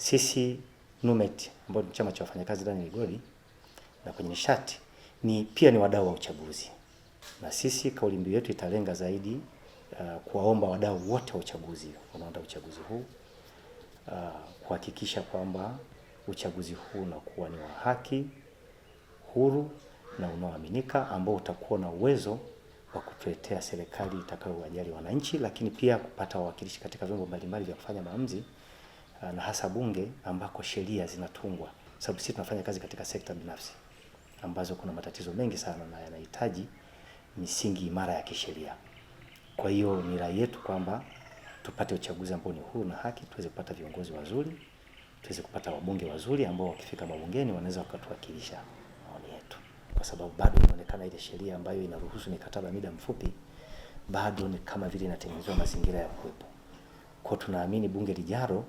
sisi NUMET ambao ni chama cha wafanyakazi ndani ya Migodi na kwenye nishati ni pia ni wadau wa uchaguzi, na sisi kauli mbiu yetu italenga zaidi uh, kuwaomba wadau wote wa uchaguzi wanaoandaa uchaguzi huu uh, kuhakikisha kwamba uchaguzi huu unakuwa ni wa haki, huru na unaoaminika ambao utakuwa na uwezo wa kutuletea serikali itakayowajali wananchi, lakini pia kupata wawakilishi katika vyombo mbalimbali vya kufanya maamuzi. Ah, na hasa bunge ambako sheria zinatungwa, sababu sisi tunafanya kazi katika sekta binafsi ambazo kuna matatizo mengi sana na yanahitaji misingi imara ya kisheria. Kwa hiyo ni rai yetu kwamba tupate uchaguzi ambao ni huru na haki, tuweze kupata viongozi wazuri, tuweze kupata wabunge wazuri ambao wakifika mabungeni wanaweza wakatuwakilisha maoni yetu, kwa sababu bado inaonekana ile sheria ambayo inaruhusu mikataba muda mfupi bado ni kama vile inatengenezwa mazingira ya kuwepo. Kwa tunaamini bunge lijalo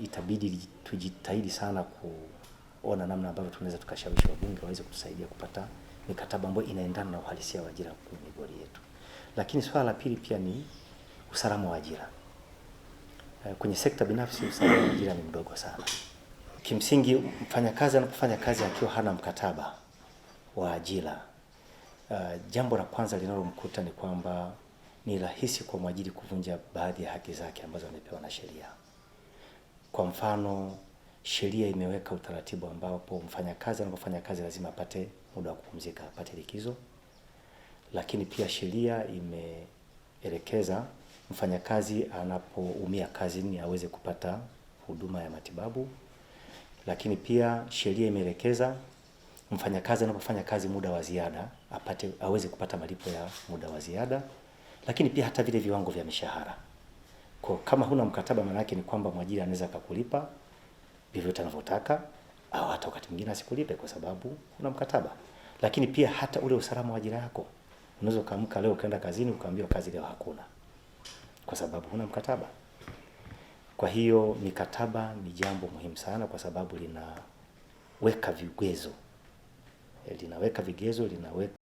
itabidi tujitahidi sana kuona namna ambavyo tunaweza tukashawishi wabunge waweze kutusaidia kupata mikataba ambayo inaendana na uhalisia wa ajira kwenye migodi yetu. Lakini swala la pili pia ni usalama wa ajira. Eh, kwenye sekta binafsi usalama wa ajira ni mdogo sana. Kimsingi, mfanyakazi anapofanya kazi akiwa hana mkataba wa ajira, uh, jambo la kwanza linalomkuta ni kwamba ni rahisi kwa mwajiri kuvunja baadhi ya haki zake ambazo amepewa na sheria. Kwa mfano, sheria imeweka utaratibu ambapo mfanyakazi anapofanya kazi lazima apate muda wa kupumzika, apate likizo. Lakini pia sheria imeelekeza mfanyakazi anapoumia kazini aweze kupata huduma ya matibabu. Lakini pia sheria imeelekeza mfanyakazi anapofanya kazi muda wa ziada apate aweze kupata malipo ya muda wa ziada. Lakini pia hata vile viwango vya mishahara kwa kama huna mkataba, maana yake ni kwamba mwajiri anaweza akakulipa vyovyote anavyotaka, au hata wakati mwingine asikulipe kwa sababu huna mkataba. Lakini pia hata ule usalama wa ajira yako, unaweza ukaamka leo ukaenda kazini ukaambiwa kazi leo hakuna, kwa sababu huna mkataba. Kwa hiyo mikataba ni jambo muhimu sana, kwa sababu linaweka vigezo linaweka vigezo linaweka